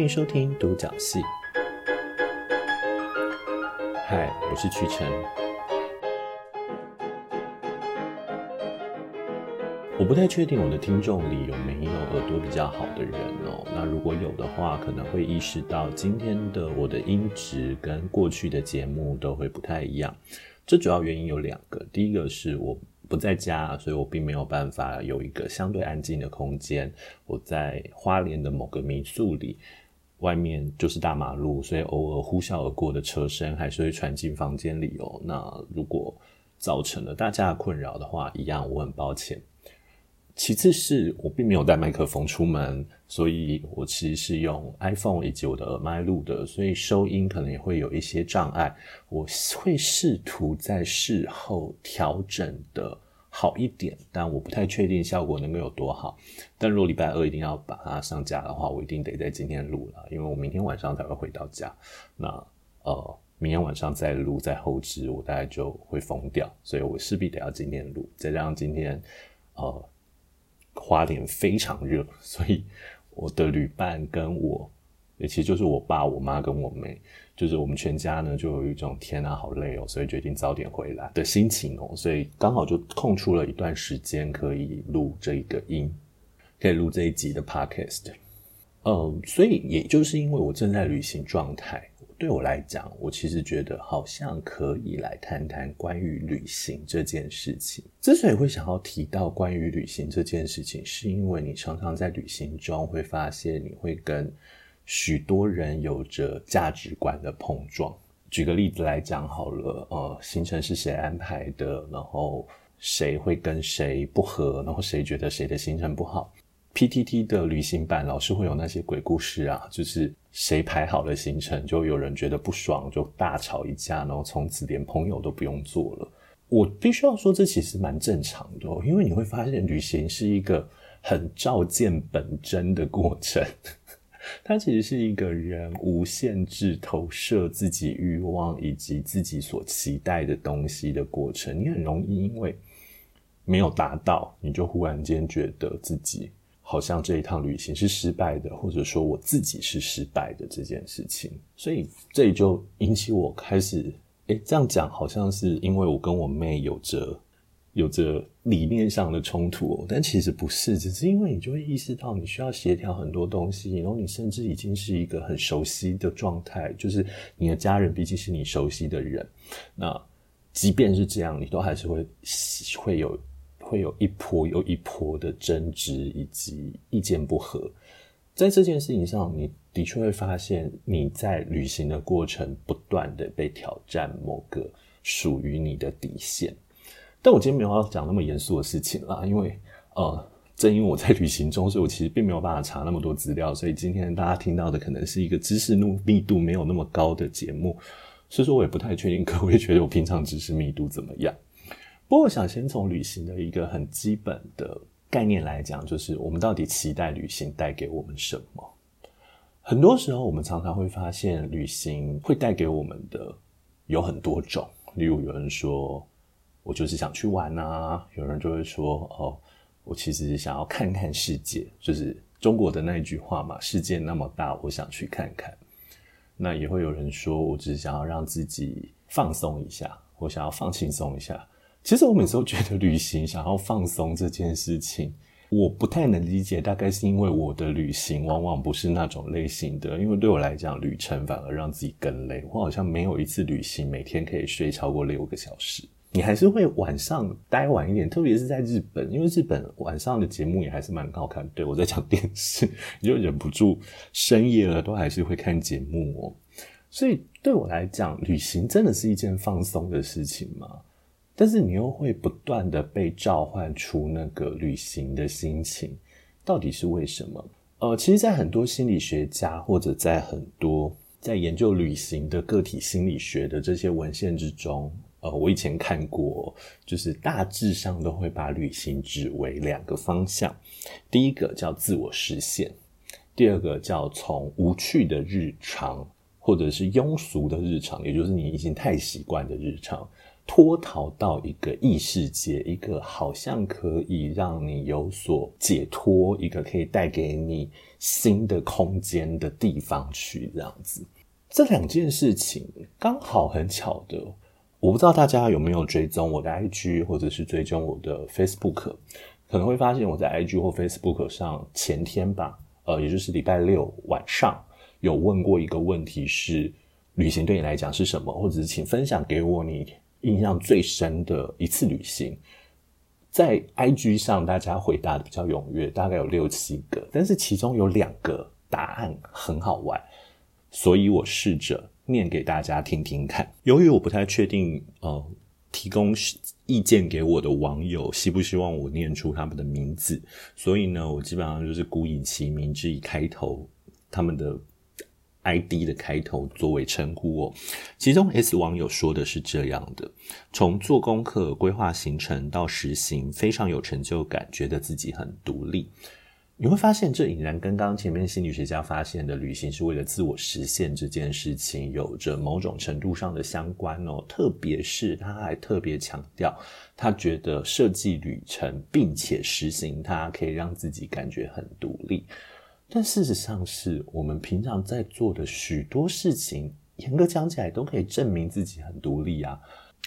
歡迎收聽讀角戲。嗨，我是曲辰。我不太確定我的聽眾裡有沒有耳朵比較好的人哦。那如果有的話，可能會意識到今天的我的音質跟過去的節目都會不太一樣。這主要原因有兩個，第一個是我不在家，所以我並沒有辦法有一個相對安靜的空間。我在花蓮的某個民宿裡。外面就是大馬路，所以偶爾呼嘯而過的車聲還是會傳進房間裡哦、喔。那如果造成了大家的困擾的話，一樣我很抱歉。其次是我並沒有帶麥克風出門，所以我其實是用 iPhone 以及我的耳麥錄的，所以收音可能也會有一些障礙。我會試圖在事後調整的。好一點，但我不太確定效果能夠有多好。但如果禮拜二一定要把它上架的話，我一定得在今天錄了，因為我明天晚上才會回到家。那呃，明天晚上再錄，再後製，我大概就會瘋掉，所以我勢必得要今天錄。再加上今天呃，花蓮非常熱，所以我的旅伴跟我。也其實就是我爸、我媽跟我妹，就是我們全家呢，就有一種天啊好累哦、喔，所以決定早點回來的心情哦、喔，所以剛好就空出了一段時間，可以錄這一個音，可以錄這一集的 podcast。嗯、呃，所以也就是因為我正在旅行狀態，對我來講，我其實覺得好像可以來談談關於旅行這件事情。之所以會想要提到關於旅行這件事情，是因為你常常在旅行中會發現，你會跟許多人有着價值觀的碰撞。舉個例子來講好了，呃，行程是誰安排的？然後誰會跟誰不合？然後誰覺得誰的行程不好？PTT 的旅行版老是會有那些鬼故事啊，就是誰排好了行程，就有人覺得不爽，就大吵一架，然後從此連朋友都不用做了。我必須要說，這其實蠻正常的哦，因為你會發現，旅行是一個很照見本真的過程。它其實是一個人無限制投射自己慾望以及自己所期待的東西的過程。你很容易因為沒有達到，你就忽然間覺得自己好像這一趟旅行是失敗的，或者說我自己是失敗的這件事情。所以這裡就引起我開始，誒、欸、這樣講好像是因為我跟我妹有着有着理念上的衝突哦，但其實不是，只是因為你就會意識到你需要協調很多東西，然後你甚至已經是一個很熟悉的狀態，就是你的家人畢竟是你熟悉的人，那即便是這樣，你都還是會會有會有一波又一波的爭執以及意見不合，在這件事情上，你的確會發現你在旅行的過程不斷地被挑戰某個屬於你的底線。但我今天沒有要講那麼嚴肅的事情啦，因為呃，正因為我在旅行中，所以我其實並沒有辦法查那麼多資料，所以今天大家聽到的可能是一個知識密度沒有那麼高的節目，所以說我也不太確定各位覺得我平常知識密度怎麼樣。不過我想先從旅行的一個很基本的概念來講，就是我們到底期待旅行帶給我們什麼？很多時候我們常常會發現，旅行會帶給我們的有很多種，例如有人說。我就是想去玩啊，有人就會說：“哦，我其實想要看看世界，就是中國的那一句話嘛，世界那麼大，我想去看看。”那也會有人說：“我只是想要讓自己放鬆一下，我想要放輕鬆一下。”其實我有時候覺得旅行想要放鬆這件事情，我不太能理解。大概是因為我的旅行往往不是那種類型的，因為對我來講，旅程反而讓自己更累。我好像沒有一次旅行每天可以睡超過六個小時。你還是會晚上待晚一點，特別是在日本，因為日本晚上的節目也還是蠻好看，對，我在講電視，你就忍不住深夜了都還是會看節目哦。所以對我來講，旅行真的是一件放鬆的事情嘛？但是你又會不斷的被召喚出那個旅行的心情，到底是為什麼？呃，其實，在很多心理學家或者在很多在研究旅行的個體心理學的這些文獻之中。呃，我以前看過，就是大致上都會把旅行指為兩個方向，第一個叫自我實現，第二個叫從無趣的日常或者是庸俗的日常，也就是你已經太習慣的日常，脫逃到一個異世界，一個好像可以讓你有所解脫，一個可以帶給你新的空間的地方去，這樣子。這兩件事情剛好很巧的。我不知道大家有沒有追蹤我的 IG，或者是追蹤我的 Facebook，可能會發現我在 IG 或 Facebook 上前天吧，呃，也就是禮拜六晚上，有問過一個問題是：旅行對你來講是什麼？或者是請分享給我你印象最深的一次旅行。在 IG 上，大家回答得比較踴躍，大概有六七個，但是其中有兩個答案很好玩，所以我試着。念給大家聽聽看。由於我不太確定，呃，提供意見給我的網友希不希望我念出他們的名字，所以呢，我基本上就是姑隱其名，之以開頭，他們的 ID 的開頭作為稱呼。哦，其中 S 網友說的是這樣的：從做功課、規劃行程到實行，非常有成就感，覺得自己很獨立。你會發現，這隱然跟剛剛前面心理學家發現的旅行是為了自我實現這件事情有着某種程度上的相關哦。特別是他還特別強調，他覺得設計旅程並且實行它可以讓自己感覺很獨立。但事實上，是我們平常在做的許多事情，嚴格講起來都可以證明自己很獨立啊。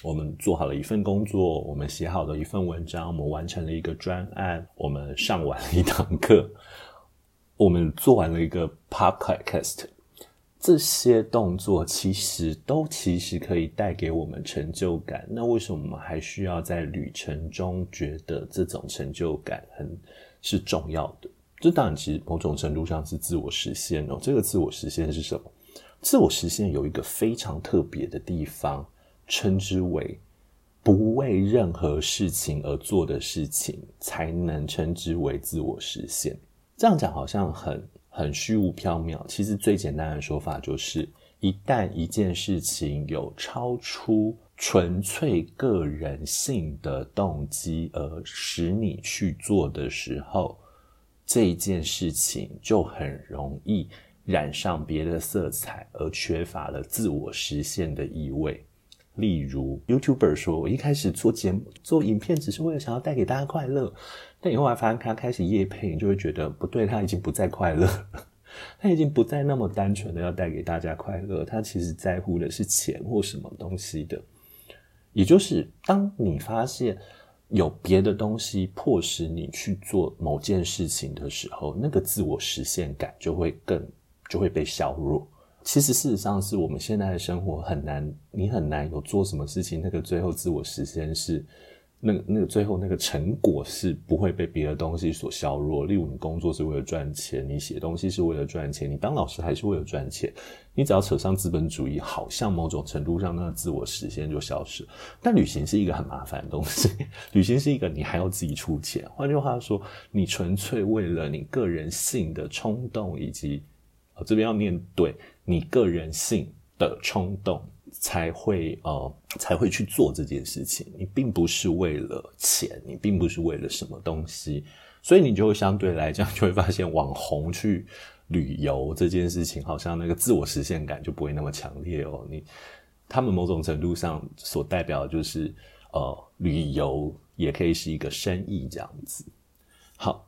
我們做好了一份工作，我們寫好了一份文章，我們完成了一個專案，我們上完了一堂課，我們做完了一個 podcast，這些動作其實都其實可以帶給我們成就感。那為什麼我們還需要在旅程中覺得這種成就感很是重要的？這當然其實某種程度上是自我實現哦。這個自我實現是什麼？自我實現有一個非常特別的地方。稱之為不為任何事情而做的事情，才能稱之為自我實現。這樣講好像很很虛無縹緲。其實最簡單的說法就是，一旦一件事情有超出純粹個人性的動機而使你去做的時候，這一件事情就很容易染上別的色彩，而缺乏了自我實現的意味。例如，YouTuber 說：“我一開始做節目、做影片，只是為了想要帶給大家快樂。但以後還發現，他開始業配，你就會覺得不對，他已經不再快樂，他已經不再那麼單純的要帶給大家快樂。他其實在乎的是錢或什麼東西的。也就是，當你發現有別的東西迫使你去做某件事情的時候，那個自我實現感就會更就會被削弱。”其實，事實上是我們現在的生活很難，你很難有做什麼事情，那個最後自我實現是，那那個最後那個成果是不會被別的東西所削弱。例如，你工作是為了賺錢，你寫東西是為了賺錢，你當老師還是為了賺錢。你只要扯上資本主義，好像某種程度上那個自我實現就消失。但旅行是一個很麻煩的東西， 旅行是一個你還要自己出錢。換句話說，你純粹為了你個人性的衝動以及。這邊要面對你個人性的衝動，才會呃才會去做這件事情。你並不是為了錢，你並不是為了什麼東西，所以你就相對來講就會發現，網紅去旅遊這件事情，好像那個自我實現感就不會那麼強烈哦。你他們某種程度上所代表的就是呃，旅遊也可以是一個生意這樣子。好，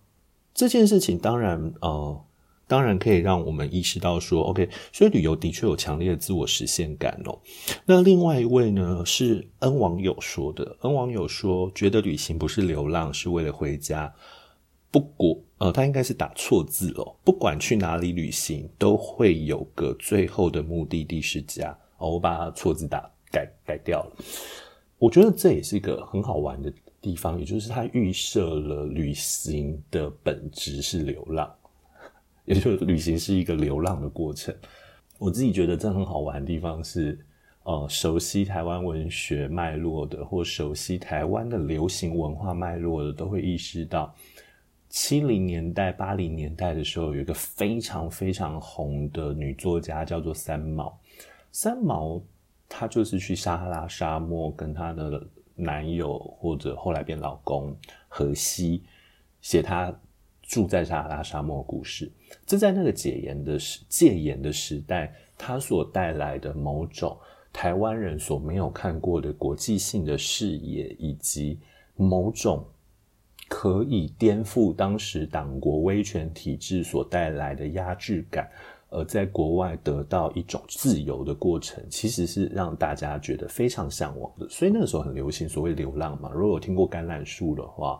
這件事情當然呃。當然可以讓我們意識到說，OK，所以旅遊的確有強烈的自我實現感哦。那另外一位呢是 N 網友說的，N 網友說覺得旅行不是流浪，是為了回家。不過呃，他應該是打錯字了。不管去哪裡旅行，都會有個最後的目的地是家。哦，我把他錯字打改改掉了。我覺得這也是一個很好玩的地方，也就是他預設了旅行的本質是流浪。也就是旅行是一個流浪的過程。我自己覺得這很好玩的地方是，呃，熟悉台灣文學脈絡的，或熟悉台灣的流行文化脈絡的，都會意識到，七零年代、八零年代的時候，有一個非常非常紅的女作家叫做三毛。三毛她就是去撒哈拉沙漠，跟她的男友或者後來變老公荷西，寫她。住在撒哈拉沙漠的故事，這在那個解嚴的時戒嚴的時代，它所帶來的某種台灣人所沒有看過的國際性的視野，以及某種可以顛覆當時黨國威權體制所帶來的壓制感，而在國外得到一種自由的過程，其實是讓大家覺得非常向往的。所以那個時候很流行所謂流浪嘛，如果有聽過《橄欖樹》的話。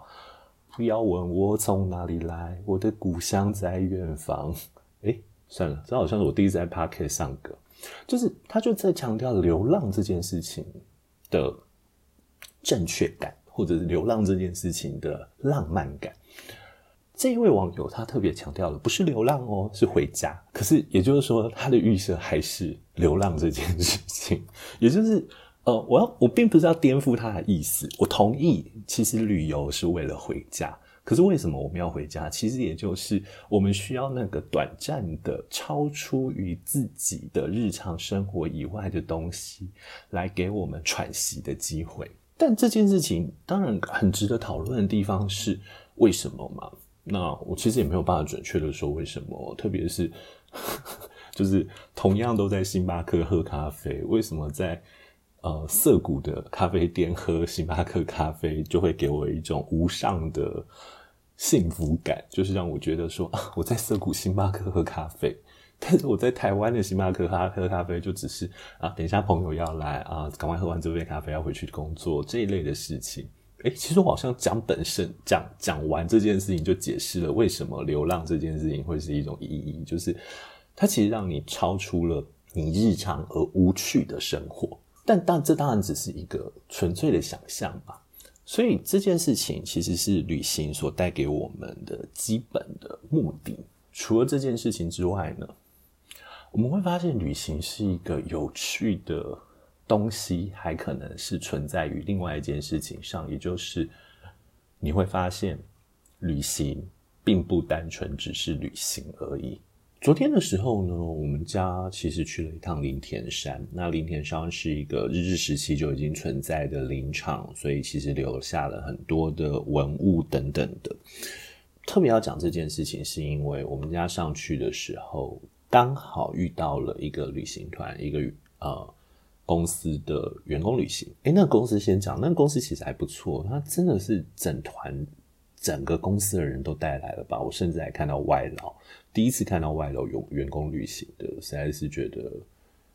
不要問我從哪裡來，我的故鄉在遠方。哎、欸，算了，這好像是我第一次在 podcast 上歌，就是他就在強調流浪這件事情的正確感，或者是流浪這件事情的浪漫感。這一位網友他特別強調的不是流浪哦、喔，是回家。可是也就是說，他的預設還是流浪這件事情，也就是。呃，我要，我並不是要顛覆他的意思，我同意，其實旅遊是為了回家。可是為什麼我們要回家？其實也就是我們需要那個短暫的、超出於自己的日常生活以外的東西，來給我們喘息的機會。但這件事情當然很值得討論的地方是為什麼嘛？那我其實也沒有辦法準確地說為什麼，特別是就是同樣都在星巴克喝咖啡，為什麼在？呃，澀谷的咖啡店喝星巴克咖啡，就會給我一種無上的幸福感，就是讓我覺得說，啊，我在澀谷星巴克喝咖啡。但是我在台灣的星巴克喝咖啡，就只是啊，等一下朋友要來啊，趕快喝完這杯咖啡，要回去工作這一類的事情。哎、欸，其實我好像講本身講，講完這件事情，就解釋了為什麼流浪這件事情會是一種意義，就是它其實讓你超出了你日常而無趣的生活。但但這當然只是一個純粹的想象吧，所以這件事情其實是旅行所帶給我們的基本的目的。除了這件事情之外呢，我們會發現旅行是一個有趣的東西，還可能是存在於另外一件事情上，也就是你會發現旅行並不單純只是旅行而已。昨天的時候呢，我們家其實去了一趟林田山。那林田山是一個日治時期就已經存在的林場，所以其實留下了很多的文物等等的。特別要講這件事情，是因為我們家上去的時候，剛好遇到了一個旅行團，一個呃公司的員工旅行。哎、欸，那公司先講，那公司其實還不錯，他真的是整團。整個公司的人都帶來了吧？我甚至還看到外勞，第一次看到外勞有員工旅行的，實在是覺得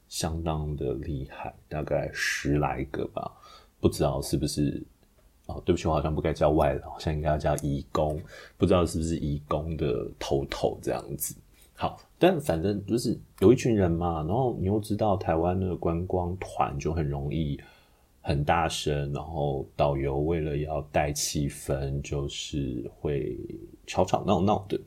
相當的厲害，大概十來個吧。不知道是不是，哦、對不起，我好像不該叫外勞，好像應該要叫移工。不知道是不是移工的頭頭這樣子？好，但反正就是有一群人嘛。然後你又知道台灣的觀光團就很容易，很大聲，然後導遊為了要帶氣氛，就是會吵吵鬧鬧的。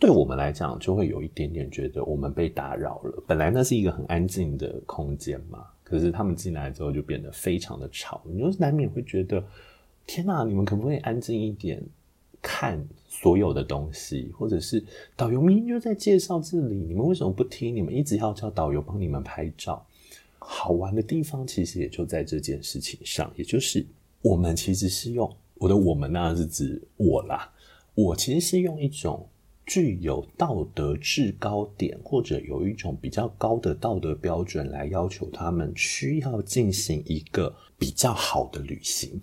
對我們來講，就會有一點點覺得我們被打擾了。本來那是一個很安靜的空間嘛，可是他們進來之後就變得非常的吵。你就是難免會覺得，天哪！你們可不可以安靜一點？看所有的東西，或者是導遊明明就在介紹這裡，你們為什麼不聽？你們一直要叫導遊幫你們拍照。好玩的地方其實也就在這件事情上，也就是我們其實是用我的“我們”呢是指我啦，我其實是用一種具有道德制高點或者有一種比較高的道德標準來要求他們需要進行一個比較好的旅行。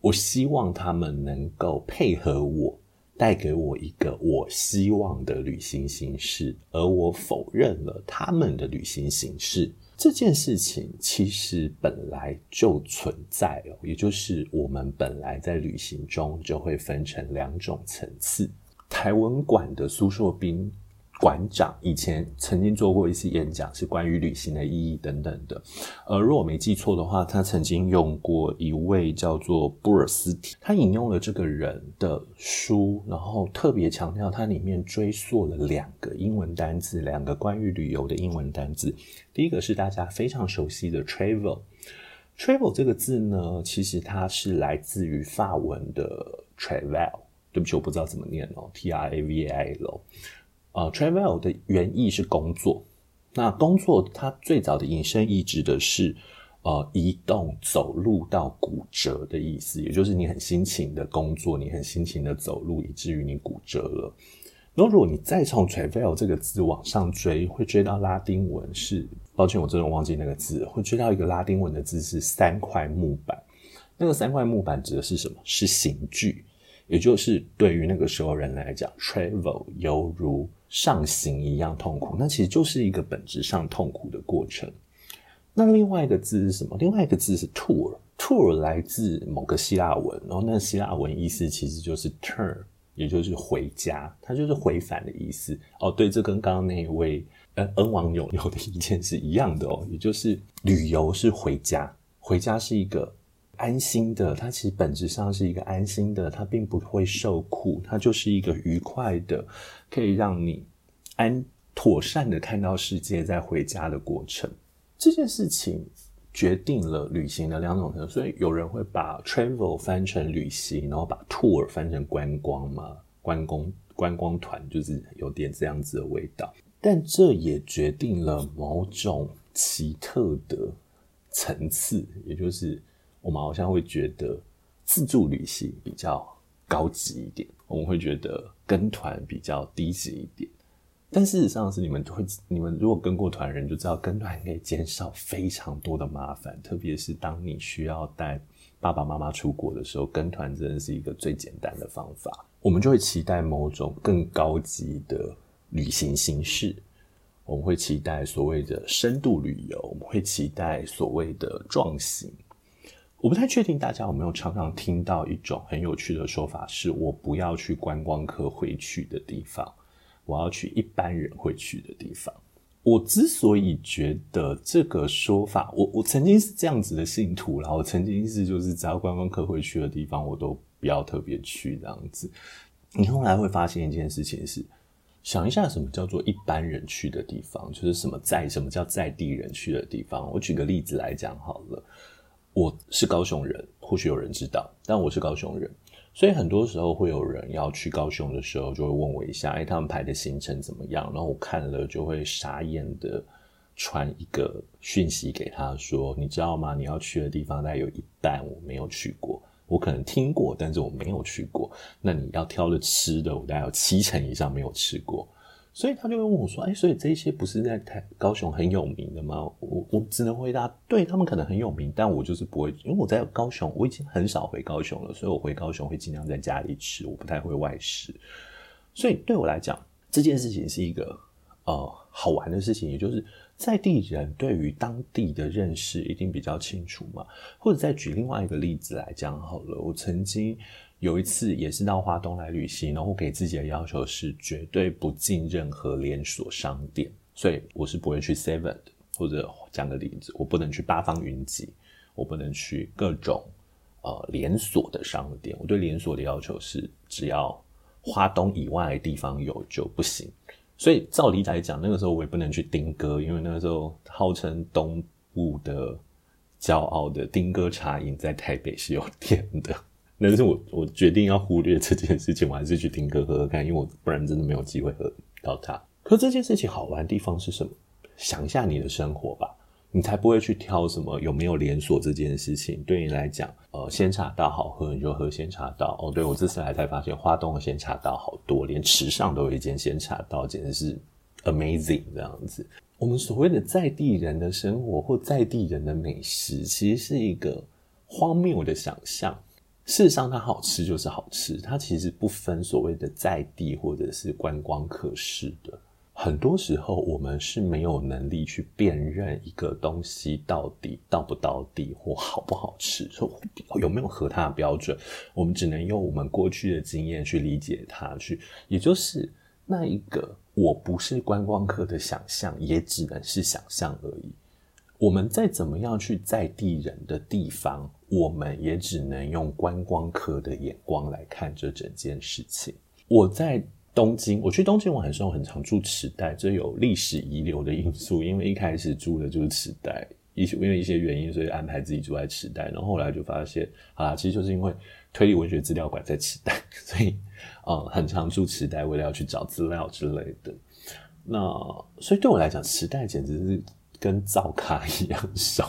我希望他們能夠配合我，帶給我一個我希望的旅行形式，而我否認了他們的旅行形式。這件事情其實本來就存在哦，也就是我們本來在旅行中就會分成兩種層次。台文館的蘇碩斌。館長以前曾經做過一次演講，是關於旅行的意義等等的。呃，如果我沒記錯的話，他曾經用過一位叫做布爾斯提，他引用了這個人的書，然後特別強調他裡面追溯了兩個英文單字，兩個關於旅遊的英文單字。第一個是大家非常熟悉的 travel，travel tra 這個字呢，其實它是來自於法文的 travel。對不起，我不知道怎麼念哦，t r a v e l。啊，呃，travel 的原意是工作。那工作它最早的引申意指的是，呃，移動、走路到骨折的意思，也就是你很辛勤的工作，你很辛勤的走路，以至於你骨折了。那如果你再從 travel 這個字往上追，會追到拉丁文是，抱歉，我真的忘記那個字，會追到一個拉丁文的字是三塊木板。那個三塊木板指的是什麼？是刑具。也就是對於那個時候人來講，travel 猶如上刑一樣痛苦。那其實就是一個本質上痛苦的過程。那另外一個字是什麼？另外一個字是 tour，tour 來自某個希臘文，然後那個希臘文意思其實就是 turn，也就是回家，它就是回返的意思。哦，對，這跟剛剛那一位呃恩網友友的意見是一樣的哦，也就是旅遊是回家，回家是一個。安心的，它其實本質上是一個安心的，它並不會受苦，它就是一個愉快的，可以讓你安妥善的看到世界再回家的過程。這件事情決定了旅行的兩種程度，所以有人會把 travel 翻成旅行，然後把 tour 翻成觀光嘛，觀光、觀光團就是有點這樣子的味道，但這也決定了某種奇特的層次，也就是。我們好像會覺得自助旅行比較高級一點，我們會覺得跟團比較低級一點。但事實上是，你們都會，你們如果跟過團的人就知道，跟團可以減少非常多的麻煩。特別是當你需要帶爸爸媽媽出國的時候，跟團真的是一個最簡單的方法。我們就會期待某種更高級的旅行形式，我們會期待所謂的深度旅遊，我們會期待所謂的壯行。我不太確定大家有沒有常常聽到一種很有趣的說法，是我不要去觀光客會去的地方，我要去一般人會去的地方。我之所以覺得這個說法，我我曾經是這樣子的信徒，然後我曾經是就是只要觀光客會去的地方，我都不要特別去這樣子。你後來會發現一件事情是，想一下什麼叫做一般人去的地方，就是什麼在什麼叫在地人去的地方。我舉個例子來講好了。我是高雄人，或許有人知道，但我是高雄人，所以很多時候會有人要去高雄的時候，就會問我一下，哎、欸，他們排的行程怎麼樣？然後我看了就會傻眼的傳一個訊息給他說，你知道嗎？你要去的地方大概有一半我沒有去過，我可能聽過，但是我沒有去過。那你要挑的吃的，我大概有七成以上沒有吃過。所以他就會問我說：“哎、欸，所以這些不是在台高雄很有名的嗎？”我我只能回答：對他們可能很有名，但我就是不會，因為我在高雄，我已經很少回高雄了，所以我回高雄會盡量在家裡吃，我不太會外食。所以對我來講，這件事情是一個呃好玩的事情，也就是在地人對於當地的認識一定比較清楚嘛。或者再舉另外一個例子來講好了，我曾經。有一次也是到花東來旅行，然後我給自己的要求是絕對不進任何連鎖商店，所以我是不會去 Seven 的。或者講個例子，我不能去八方雲集，我不能去各種呃連鎖的商店。我對連鎖的要求是，只要花東以外的地方有就不行。所以照理來講，那個時候我也不能去丁哥，因為那個時候號稱東部的驕傲的丁哥茶飲在台北是有店的。但是我我決定要忽略這件事情，我還是去聽歌喝喝看，因為我不然真的沒有機會喝到它。可這件事情好玩的地方是什麼？想一下你的生活吧，你才不會去挑什麼有沒有連鎖這件事情。對你來講，呃，鮮茶道好喝，你就喝鮮茶道。哦，對，我這次來才發現，花東鮮茶道好多，連池上都有一間鮮茶道，簡直是 amazing 這樣子。我們所謂的在地人的生活或在地人的美食，其實是一個荒謬的想象。事實上，它好吃就是好吃，它其實不分所謂的在地或者是觀光客式的。很多時候，我們是沒有能力去辨認一個東西到底到不到地，到底或好不好吃，說有沒有合它的標準。我們只能用我們過去的經驗去理解它去，去也就是那一個我不是觀光客的想象，也只能是想象而已。我們再怎麼樣去在地人的地方，我們也只能用觀光客的眼光來看這整件事情。我在東京，我去東京玩的時候，很常住池袋，這有歷史遺留的因素。因為一開始住的就是池袋，一些因為一些原因，所以安排自己住在池袋。然後後來就發現，啊，其實就是因為推理文學資料館在池袋，所以，嗯，很常住池袋，為了要去找資料之類的。那所以對我來講，池袋簡直是。跟灶咖一樣熟，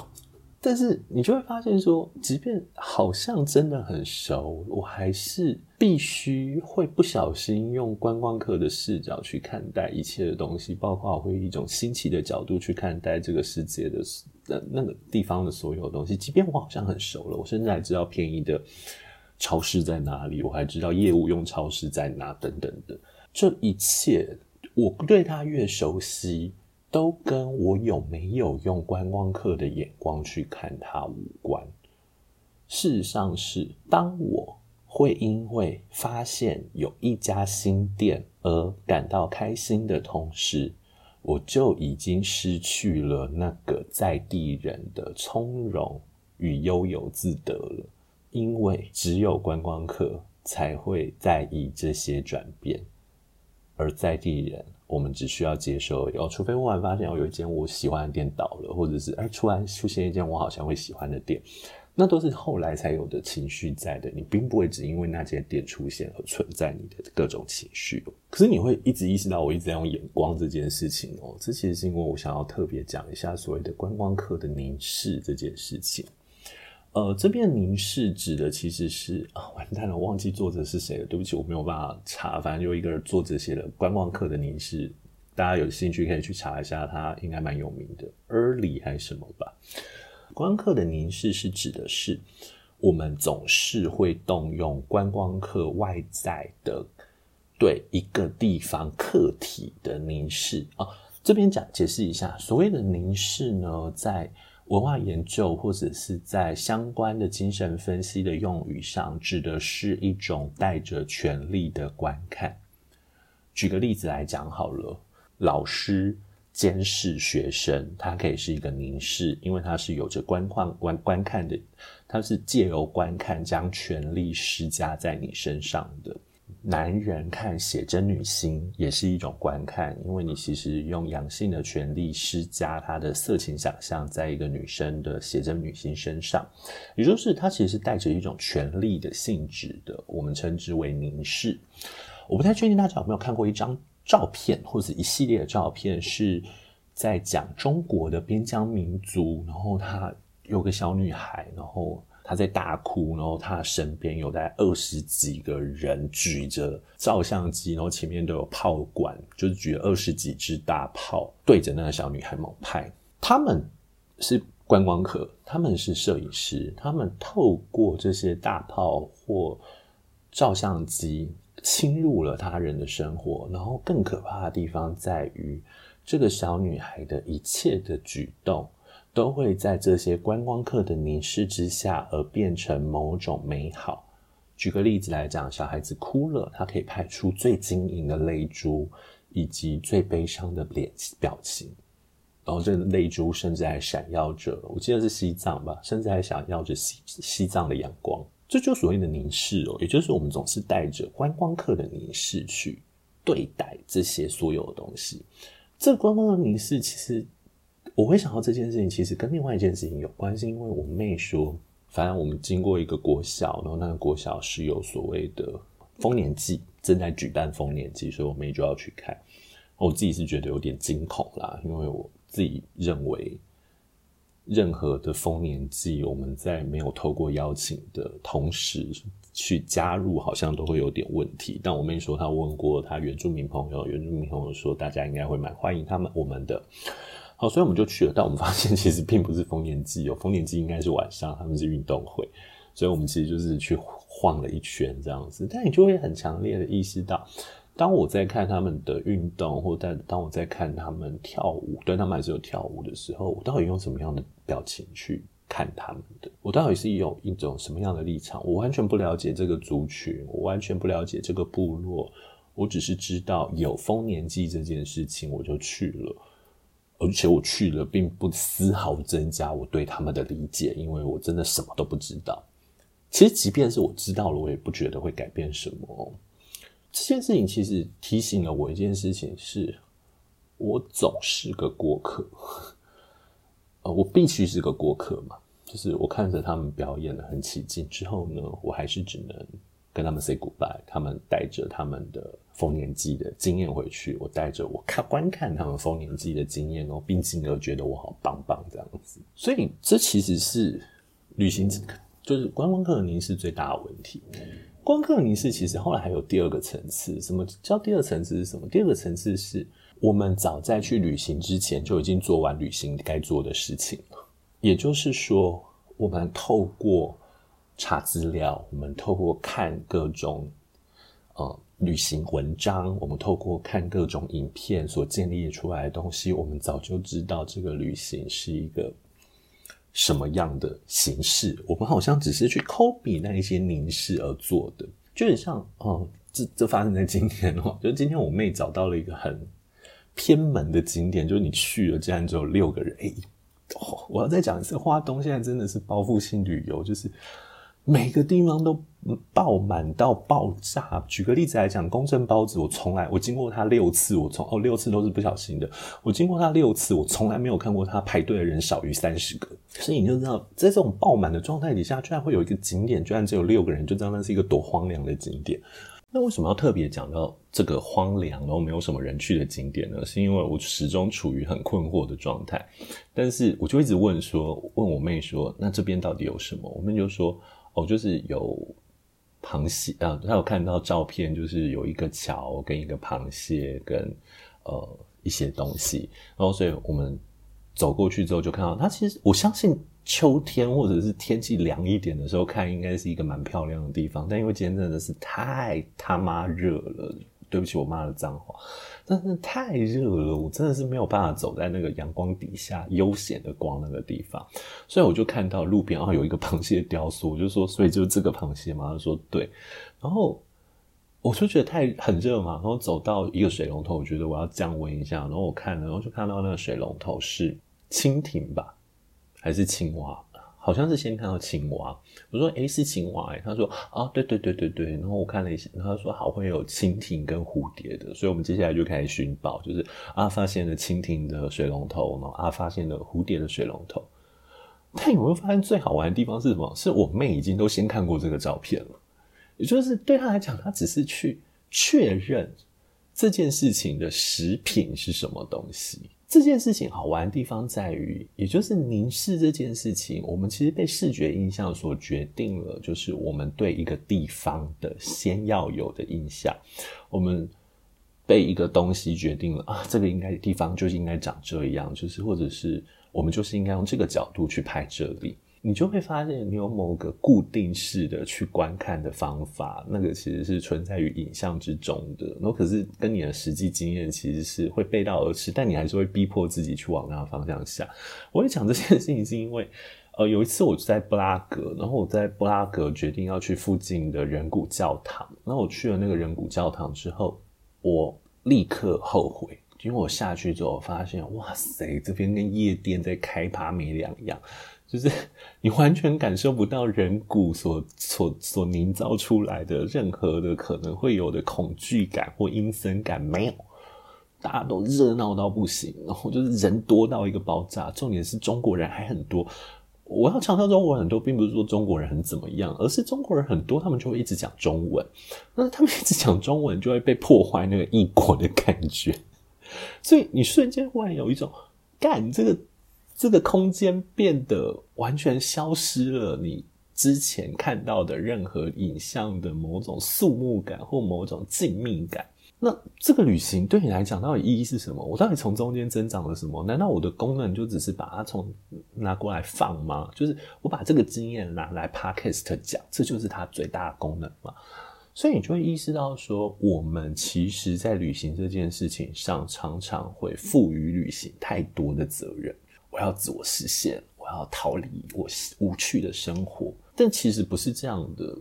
但是你就會發現說，即便好像真的很熟，我還是必須會不小心用觀光客的視角去看待一切的東西，包括我會以一種新奇的角度去看待這個世界的那個地方的所有東西。即便我好像很熟了，我甚至還知道便宜的超市在哪裡，我還知道業務用超市在哪等等的。這一切，我對它越熟悉，都跟我有沒有用觀光客的眼光去看它無關。事實上是，當我會因為發現有一家新店而感到開心的同時，我就已經失去了那個在地人的從容與悠游自得了。因為只有觀光客才會在意這些轉變，而在地人。我們只需要接受哦，除非忽然發現哦，有一間我喜歡的店倒了，或者是欸，突然出現一間我好像會喜歡的店，那都是後來才有的情緒在的。你並不會只因為那間店出現而存在你的各種情緒。可是你會一直意識到，我一直在用眼光這件事情哦，這其實是因為我想要特別講一下所謂的觀光客的凝視這件事情。呃，這邊的凝視指的其實是啊，完蛋了，我忘記作者是誰了，對不起，我沒有辦法查，反正就一個人作者寫的《觀光客的凝視》，大家有興趣可以去查一下它，它應該蠻有名的，Early 還是什麼吧。觀光客的凝視是指的是我們總是會動用觀光客外在的對一個地方客體的凝視啊。這邊講解釋一下，所謂的凝視呢，在。文化研究或者是在相關的精神分析的用語上，指的是一種帶着權力的觀看。舉個例子來講好了，老師監視學生，他可以是一個凝視，因為他是有着觀看觀觀看的，他是借由觀看將權力施加在你身上的。男人看寫真女星也是一種觀看，因為你其實用陽性的權力施加他的色情想象在一個女生的寫真女星身上，也就是他其實是帶着一種權力的性質的，我們稱之為凝視。我不太確定大家有沒有看過一張照片或者一系列的照片，是在講中國的邊疆民族，然後他有個小女孩，然後。她在大哭，然後她身邊有大概二十幾個人舉着照相機，然後前面都有炮管，就是舉二十幾支大炮對着那個小女孩猛拍。他們是觀光客，他們是攝影師，他們透過這些大炮或照相機侵入了他人的生活。然後更可怕的地方在於，這個小女孩的一切的舉動。都會在這些觀光客的凝視之下而變成某種美好。舉個例子來講，小孩子哭了，他可以拍出最晶瑩的淚珠，以及最悲傷的臉表情。然後，這淚珠甚至還閃耀着。我記得是西藏吧，甚至還閃耀着西西藏的陽光。這就所謂的凝視哦，也就是我們總是帶着觀光客的凝視去對待這些所有的東西。這觀光的凝視其實。我會想到這件事情其實跟另外一件事情有關係，因為我妹說，反正我們經過一個國小，然後那個國小是有所謂的豐年祭，正在舉辦豐年祭，所以我妹就要去看。然後我自己是覺得有點驚恐啦，因為我自己認為，任何的豐年祭，我們在沒有透過邀請的同時去加入，好像都會有點問題。但我妹說，她問過她原住民朋友，原住民朋友說，大家應該會蠻歡迎他們我們的。好，所以我們就去了。但我們發現，其實並不是豐年祭哦，豐年祭應該是晚上，他們是運動會，所以我們其實就是去晃了一圈這樣子。但你就會很強烈的意識到，當我在看他們的運動，或但當我在看他們跳舞，對他們還是有跳舞的時候，我到底用什麼樣的表情去看他們的？我到底是有一種什麼樣的立場？我完全不了解這個族群，我完全不了解這個部落，我只是知道有豐年祭這件事情，我就去了。而且我去了，並不絲毫增加我對他們的理解，因為我真的什麼都不知道。其實即便是我知道了，我也不覺得會改變什麼。這件事情其實提醒了我一件事情是，我總是個過客。呃，我必須是個過客嘛，就是我看着他們表演的很起勁，之後呢，我還是只能跟他們 say goodbye，他們帶着他們的。豐年祭的經驗回去，我帶着我看觀看他們豐年祭的經驗哦、喔，並進而覺得我好棒棒這樣子。所以這其實是旅行、嗯、就是觀光客的凝視最大的問題。嗯、觀光客的凝視其實後來還有第二個層次，什麼叫第二層次？是什麼？第二個層次是我們早在去旅行之前就已經做完旅行該做的事情了。也就是說，我們透過查資料，我們透過看各種，嗯、呃。旅行文章，我們透過看各種影片，所建立出來的東西，我們早就知道這個旅行是一個什麼樣的形式。我們好像只是去 copy 那一些凝視而做的，就很像哦、嗯，這這發生在今天哦。就是今天我妹找到了一個很偏門的景點，就是你去了，竟然只有六個人。哎、欸哦，我要再講一次，花東現在真的是報復性旅遊，就是每個地方都。爆滿到爆炸！舉個例子來講，公正包子我，我從來我經過它六次，我從哦六次都是不小心的，我經過它六次，我從來沒有看過它排隊的人少於三十個，嗯、所以你就知道在這種爆滿的狀態底下，居然會有一個景點居然只有六個人，就知道那是一個多荒涼的景點。那為什麼要特別講到這個荒涼然後沒有什麼人去的景點呢？是因為我始終處於很困惑的狀態，但是我就一直問說，問我妹說，那這邊到底有什麼？我妹就說，哦，就是有。螃蟹啊，他有看到照片，就是有一個橋跟一個螃蟹跟，呃一些東西，然後所以我們走過去之後就看到，他其實我相信秋天或者是天氣涼一點的時候看應該是一個蠻漂亮的地方，但因為今天真的是太他媽熱了。對不起，我罵的髒話，真是太熱了，我真的是沒有辦法走在那個陽光底下悠閒的逛那個地方，所以我就看到路邊，然後有一個螃蟹雕塑，我就說，所以就是這個螃蟹嘛？他就說對，然後我就覺得太很熱嘛，然後走到一個水龍頭，我覺得我要降溫一下，然後我看了，然後就看到那個水龍頭是蜻蜓吧，還是青蛙？好像是先看到青蛙，我說誒，是青蛙誒，他說，啊對對對對對，然後我看了一下，他說好會有蜻蜓跟蝴蝶的，所以我們接下來就開始尋寶，就是啊發現了蜻蜓的水龍頭，然後啊發現了蝴蝶的水龍頭。但有沒有發現最好玩的地方是什麼？是我妹已經都先看過這個照片了，也就是對她來講，她只是去確認這件事情的食品是什麼東西。這件事情好玩的地方在於，也就是凝視這件事情，我們其實被視覺印象所決定了，就是我們對一個地方的先要有的印象，我們被一個東西決定了啊，這個應該地方就是應該長這樣，就是或者是我們就是應該用這個角度去拍這裡。你就會發現，你有某個固定式的去觀看的方法，那個其實是存在於影像之中的。然後，可是跟你的實際經驗其實是會背道而馳，但你還是會逼迫自己去往那個方向想。我也講這件事情是因為，呃，有一次我在布拉格，然後我在布拉格決定要去附近的人骨教堂。那我去了那個人骨教堂之後，我立刻後悔，因為我下去之後我發現，哇塞，這邊跟夜店在開趴沒兩樣。就是你完全感受不到人骨所所所營造出來的任何的可能會有的恐懼感或陰森感，沒有，大家都熱鬧到不行，然後就是人多到一個爆炸。重點是中國人還很多。我要強調中國人很多，並不是說中國人很怎麼樣，而是中國人很多，他們就會一直講中文。那他們一直講中文，就會被破壞那個異國的感覺。所以你瞬間忽然有一種，幹這個。這個空間變得完全消失了，你之前看到的任何影像的某種肅穆感或某種靜謐感，那這個旅行對你來講到底意義是什麼？我到底從中間增長了什麼？難道我的功能就只是把它從拿過來放嗎？就是我把這個經驗拿來 podcast 講，這就是它最大的功能嘛。所以你就會意識到說，我們其實在旅行這件事情上，常常會賦予旅行太多的責任。我要自我實現，我要逃離我無趣的生活，但其實不是這樣的，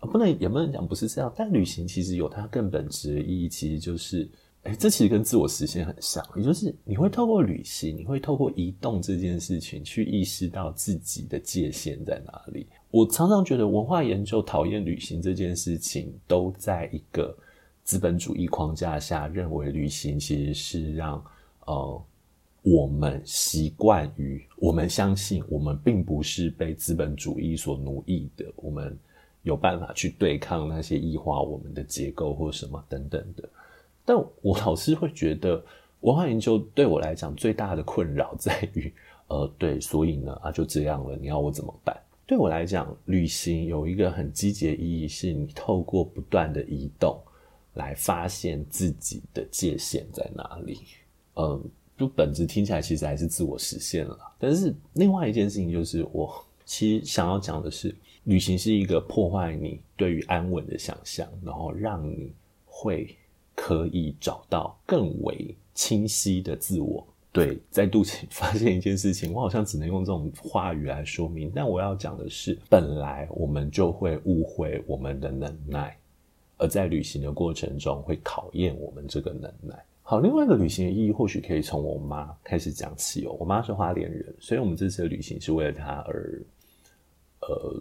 不能也不能講不是這樣。但旅行其實有它更本質的意義，其實就是，誒、欸，這其實跟自我實現很像，也就是你會透過旅行，你會透過移動這件事情，去意識到自己的界限在哪裡。我常常覺得文化研究討厭旅行這件事情，都在一個資本主義框架下認為旅行其實是讓呃。我們習慣於我們相信我們並不是被資本主義所奴役的，我們有辦法去對抗那些異化我們的結構或什麼等等的。但我老是會覺得文化研究對我來講最大的困擾在於，呃，對，所以呢啊就這樣了，你要我怎麼辦？對我來講，旅行有一個很積極的意義，是你透過不斷的移動來發現自己的界限在哪裡。嗯。就本質聽起來其實還是自我實現了，但是另外一件事情就是，我其實想要講的是，旅行是一個破壞你對於安穩的想象，然後讓你會可以找到更為清晰的自我。對，在度假發現一件事情，我好像只能用這種話語來說明。但我要講的是，本來我們就會誤會我們的能耐，而在旅行的過程中會考驗我們這個能耐。好，另外一個旅行的意義，或許可以從我媽開始講起哦。我媽是花蓮人，所以我們這次的旅行是為了她而，呃，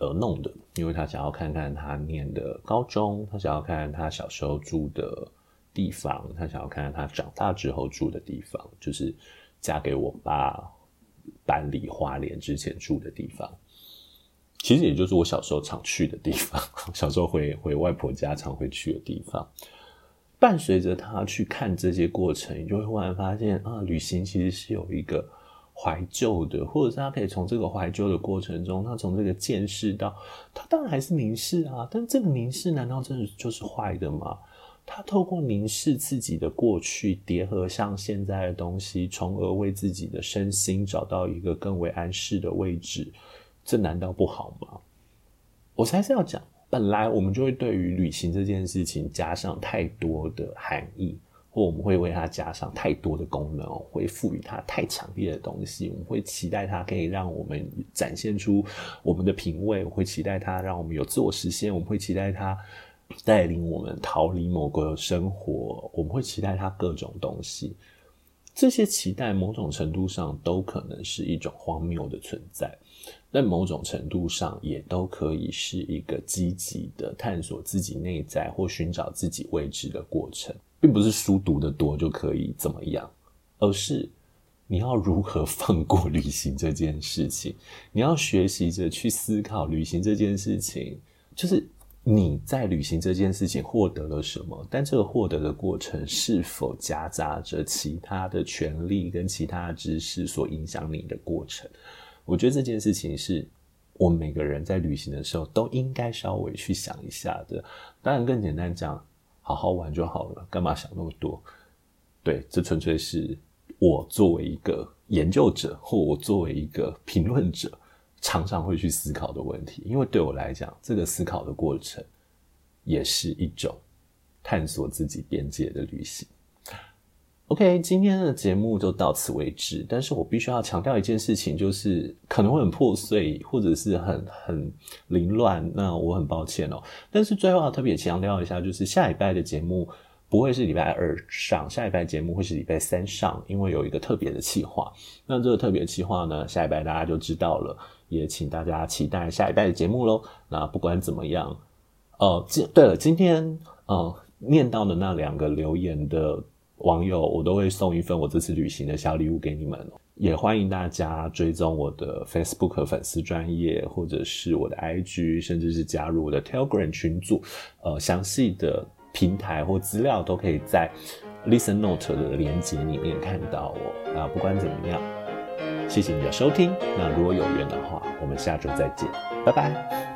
而弄的，因為她想要看看她念的高中，她想要看看她小時候住的地方，她想要看看她長大之後住的地方，就是嫁給我爸搬離花蓮之前住的地方。其實也就是我小時候常去的地方，小時候回回外婆家常會去的地方。伴隨着他去看這些過程，你就會忽然發現啊，旅行其實是有一個懷舊的，或者是他可以從這個懷舊的過程中，他從這個見識到，他當然還是凝視啊，但這個凝視難道真的就是壞的嗎？他透過凝視自己的過去，疊合上現在的東西，從而為自己的身心找到一個更為安適的位置，這難道不好嗎？我才是要講。本來我們就會對於旅行這件事情加上太多的含義，或我們會為它加上太多的功能，會賦予它太強烈的東西，我們會期待它可以讓我們展現出我們的品味，我們會期待它讓我們有自我實現，我們會期待它帶領我們逃離某個生活，我們會期待它各種東西。這些期待某種程度上都可能是一種荒謬的存在。在某種程度上，也都可以是一個積極的探索自己內在或尋找自己位置的過程，並不是書讀得多就可以怎麼樣，而是你要如何放過旅行這件事情。你要學習着去思考旅行這件事情，就是你在旅行這件事情獲得了什麼，但這個獲得的過程是否夾雜着其他的權力跟其他的知識所影響你的過程。我覺得這件事情是，我們每個人在旅行的時候都應該稍微去想一下的。當然，更簡單講，好好玩就好了，幹嘛想那麼多？對，這純粹是我作為一個研究者或我作為一個評論者，常常會去思考的問題。因為對我來講，這個思考的過程，也是一種探索自己邊界的旅行。OK，今天的節目就到此為止。但是我必須要強調一件事情，就是可能會很破碎，或者是很很凌亂。那我很抱歉哦、喔。但是最後要、啊、特別強調一下，就是下禮拜的節目不會是禮拜二上，下禮拜節目會是禮拜三上，因為有一個特別的企劃。那這個特別的企劃呢，下禮拜大家就知道了。也請大家期待下禮拜的節目嘍。那不管怎麼樣，呃，對了，今天呃念到的那兩個留言的，網友，我都會送一份我這次旅行的小禮物給你們喔，也歡迎大家追蹤我的 Facebook 粉絲專頁，或者是我的 IG，甚至是加入我的 Telegram 群組，呃，詳細的平台或資料都可以在 Listen Note 的連結裡面看到我。那不管怎麼樣，謝謝你的收聽，那如果有緣的話，我們下周再見，拜拜。